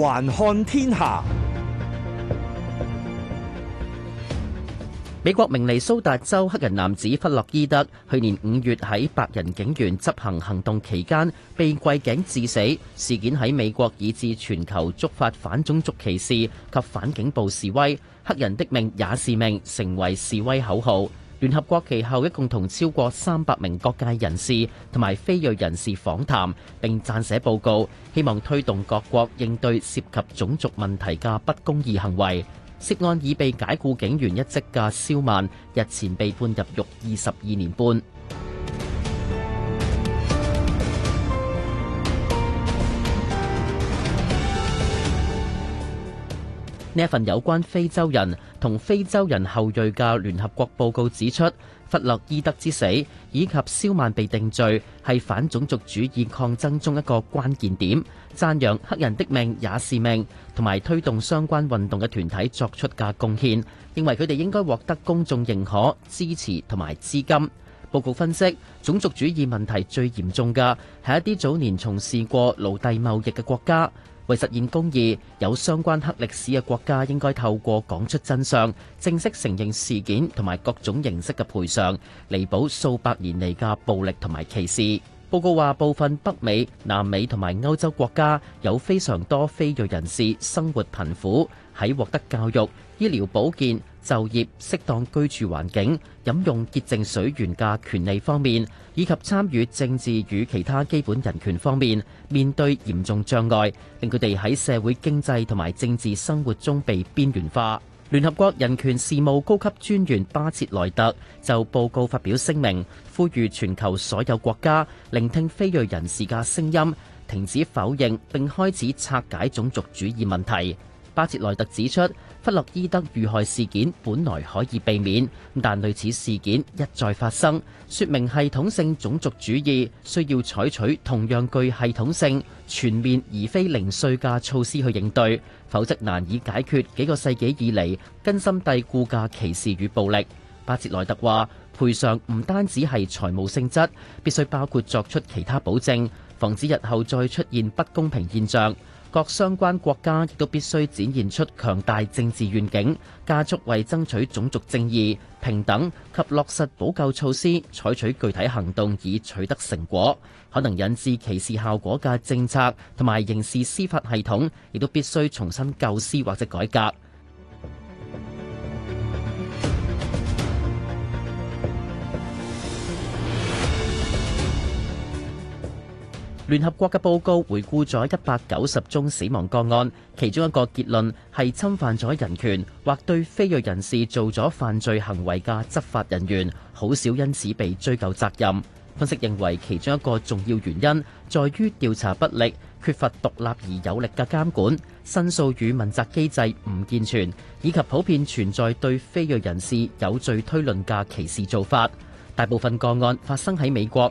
環看天下，美國明尼蘇達州黑人男子弗洛伊德去年五月喺白人警員執行行動期間被跪頸致死，事件喺美國以至全球觸發反種族歧視及反警暴示威，黑人的命也是命，成為示威口號。聯合國其後一共同超過三百名各界人士同埋非裔人士訪談，並撰寫報告，希望推動各國應對涉及種族問題嘅不公義行為。涉案已被解雇警員一職嘅肖曼，日前被判入獄二十二年半。呢一份有關非洲人同非洲人後裔嘅聯合國報告指出，弗洛伊德之死以及肖曼被定罪係反種族主義抗爭中一個關鍵點，讚揚黑人的命也是命，同埋推動相關運動嘅團體作出嘅貢獻，認為佢哋應該獲得公眾認可、支持同埋資金。報告分析，種族主義問題最嚴重嘅係一啲早年從事過奴隸貿易嘅國家。為實現公義，有相關黑歷史嘅國家應該透過講出真相，正式承認事件同埋各種形式嘅賠償，彌補數百年嚟嘅暴力同埋歧視。報告話，部分北美、南美同埋歐洲國家有非常多非裔人士生活貧苦，喺獲得教育、醫療保健、就業、適當居住環境、飲用潔淨水源嘅權利方面，以及參與政治與其他基本人權方面，面對嚴重障礙，令佢哋喺社會經濟同埋政治生活中被邊緣化。聯合國人權事務高級專員巴切萊特就報告發表聲明，呼籲全球所有國家聆聽非裔人士嘅聲音，停止否認，並開始拆解種族主義問題。巴切萊特指出：弗洛伊德遇害事件本來可以避免，但類似事件一再發生，說明系統性種族主義需要採取同樣具系統性、全面而非零碎嘅措施去應對，否則難以解決幾個世紀以嚟根深蒂固嘅歧視與暴力。巴切萊特話：賠償唔單止係財務性質，必須包括作出其他保證，防止日後再出現不公平現象。各相關國家亦都必須展現出強大政治願景，加速為爭取種族正義、平等及落實補救措施，採取具體行動以取得成果。可能引致歧視效果嘅政策同埋刑事司法系統，亦都必須重新構思或者改革。聯合國嘅報告回顧咗一百九十宗死亡個案，其中一個結論係侵犯咗人權或對非裔人士做咗犯罪行為嘅執法人員，好少因此被追究責任。分析認為其中一個重要原因，在於調查不力、缺乏獨立而有力嘅監管、申訴與問責機制唔健全，以及普遍存在對非裔人士有罪推論嘅歧視做法。大部分個案發生喺美國。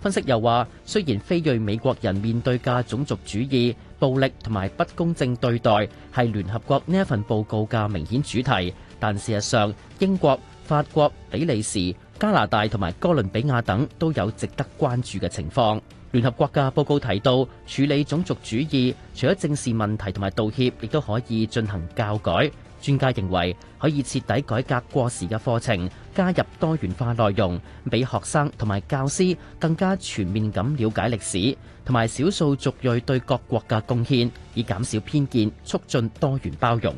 分析又話，雖然非裔美國人面對嘅種族主義、暴力同埋不公正對待係聯合國呢一份報告嘅明顯主題，但事實上，英國、法國、比利時、加拿大同埋哥倫比亞等都有值得關注嘅情況。聯合國嘅報告提到，處理種族主義除咗正視問題同埋道歉，亦都可以進行教改。專家認為可以徹底改革過時嘅課程。加入多元化內容，俾學生同埋教師更加全面咁了解歷史，同埋少數族裔對各國嘅貢獻，以減少偏見，促進多元包容。